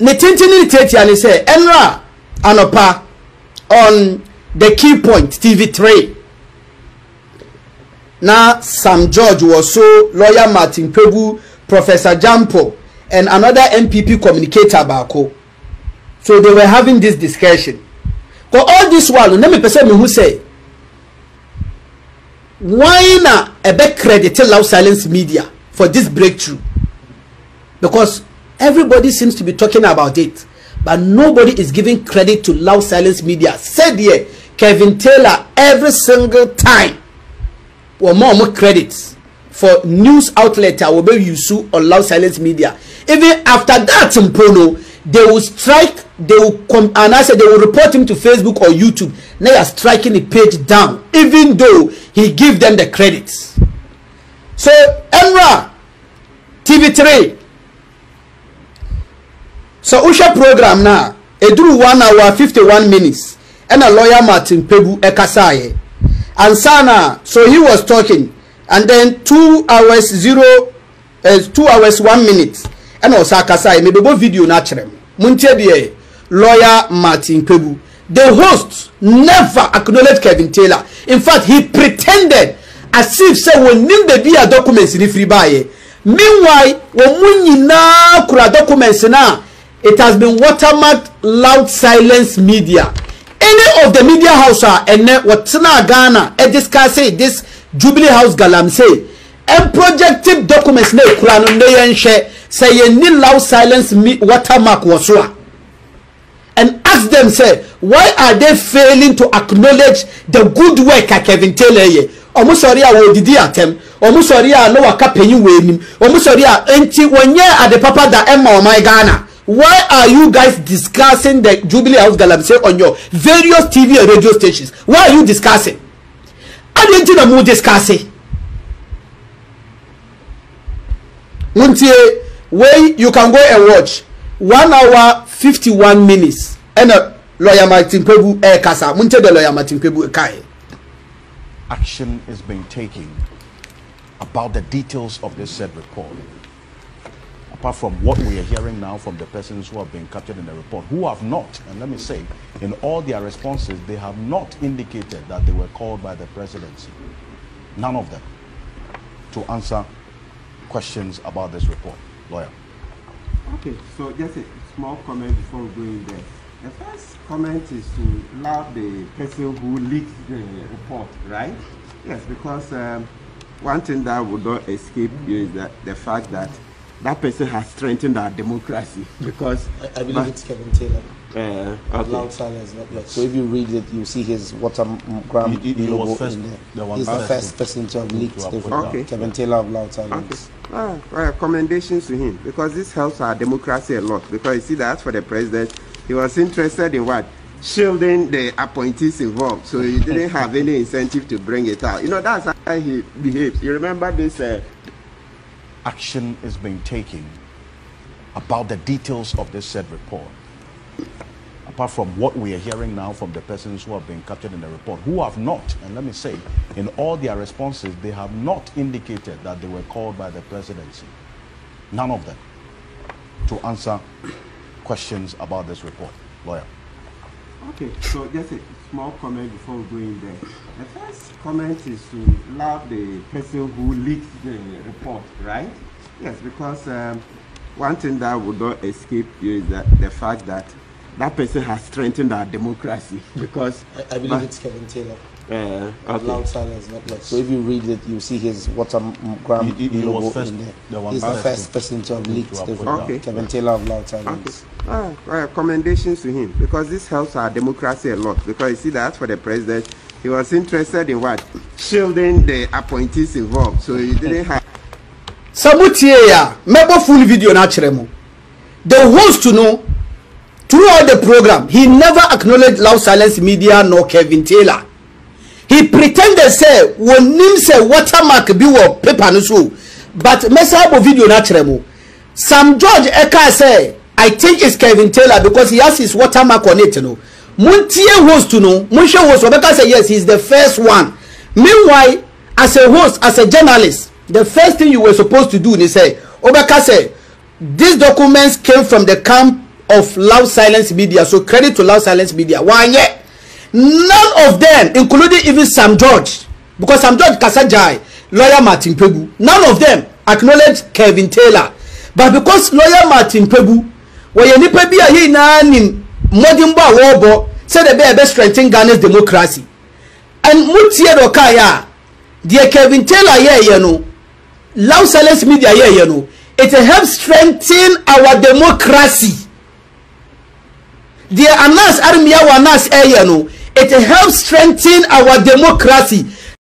ne tenten ne tiatia ne sɛ ɛnra anɔpa on the key point tv3 na sam george wɔ so lawyer martin pebu professor jampo and another npp communicator baako so they were having this discussion For all this while na mi pɛ sɛ mi hu sɛ why na ɛbɛ credit loud silence media for this breakthrough because Everybody seems to be talking about it, but nobody is giving credit to Loud Silence Media. Said here, Kevin Taylor, every single time, or more, more credits for news outlet I will be you or Loud Silence Media. Even after that, in Polo, they will strike, they will come, and I said they will report him to Facebook or YouTube. Now they are striking the page down, even though he give them the credits. So, Enra, TV3, So, wohwɛ program na a ɛduru 1 hour 51 minutes ɛna lawyer martin pebu ɛkasaeɛ ansana so he was talking and then 2 hours 0 uh, 2 hours 1 minute ɛna ɔsa kasaeɛ mebɛbɔ video no akyerɛ m montie deɛ lawyer martin pebu the host never acknowledged kevin taylor in fact he pretended as if say sɛ wɔnim baabi a documents no firi baeɛ meanwhile wɔn mu nyinaa kura documents no it has been watermarked loud silence media any of the media house a ɛnɛ wɔtena ghana ɛdiskase e this jubilee house galamsey ɛprojected documents na ekura no ne yɛn hwɛ sɛ yɛn ni loud silence watermark wɔ and ask them say why are they failing to acknowledge the good work a kevin taylor yɛ ɔmo sɔre a Omu atɛm ɔmo sɔre a na waka panyin wɔ anim ɔmo sɔre a nti wɔnyɛ ade papa da ɛma ɔman ghana why are you guys discussing the Jubilee House galamsey on your various TV and radio stations why are you discussing adeɛ nti na mo discussing wuntie wey you can go and watch one hour fifty one minutes ɛna uh, lawyer Martin Kpebu ɛɛkasa eh, mo n the lawyer Martin Kpebu ɛkae. Eh, action is being taken about the details of this said report. apart from what we are hearing now from the persons who have been captured in the report, who have not, and let me say, in all their responses, they have not indicated that they were called by the presidency. None of them to answer questions about this report. Lawyer. Okay, so just a small comment before we go in there. The first comment is to love the person who leaked the report, right? Yes, because um, one thing that would not escape you is that the fact that that person has strengthened our democracy because I, I believe but, it's Kevin Taylor. Uh, okay. Loud silence, not So if you read it, you see his watergram he, he, was first, in there. He's the first person to have leaked to have okay. Kevin Taylor of Loud Silence. Okay. Ah, well, commendations to him because this helps our democracy a lot. Because you see that for the president, he was interested in what shielding the appointees involved, so he didn't have any incentive to bring it out. You know that's how he behaves. You remember this. Uh, action is being taken about the details of this said report? Apart from what we are hearing now from the persons who have been captured in the report, who have not, and let me say, in all their responses, they have not indicated that they were called by the presidency. None of them to answer questions about this report. Lawyer. Okay, so just a small comment before we go in there. The first comment is to love the person who leaked the report, right? Yes, because um, one thing that would not escape you is that the fact that that person has strengthened our democracy because I, I believe it's Kevin Taylor. Uh, okay. Loud silence, not much. So if you read it, you see his watermark. he, logo first, in there. The He's the first person to have leaked the okay. Kevin yeah. Taylor of Loud Silence. Okay. Ah, well, ah, commendations to him because this helps our democracy a lot. Because you see, that's for the president. He was interested in what shielding the appointees involved, so he didn't have. Sabutia, remember full video naturally. The host to know throughout the program he never acknowledged loud silence media nor kevin taylor he pretended say wonim say watermark bi wɔ paper no so but mesa abo video naturally. kyerɛ mu sam george ɛka sɛ i think it's kevin taylor because he has his watermark on it You no muntie host know, munhwɛ host ɔbɛka say, yes he is the first one meanwhile as a host as a journalist the first thing you were supposed to do ni say, ɔbɛka say, these documents came from the camp of loud silence media so credit to loud silence media wanyɛ none of them including even sam george because sam george kasajai lawyer martin pegu none of them acknowledge kevin taylor but because lawyer martin pegu wɔyɛ nipa bi a yɛn nyinaa nim mmɔdenbɔ a wɔrebɔ sɛdeɛ bɛyɛ bɛ strengthen ghana's democracy and mo tie dɔ kaa yɛ a deɛ kevin taylor yɛɛyɛ no loud silence media yɛɛyɛ no it help strengthen our democracy. The anas army wa anas ɛyɛ no it helps strengthen our democracy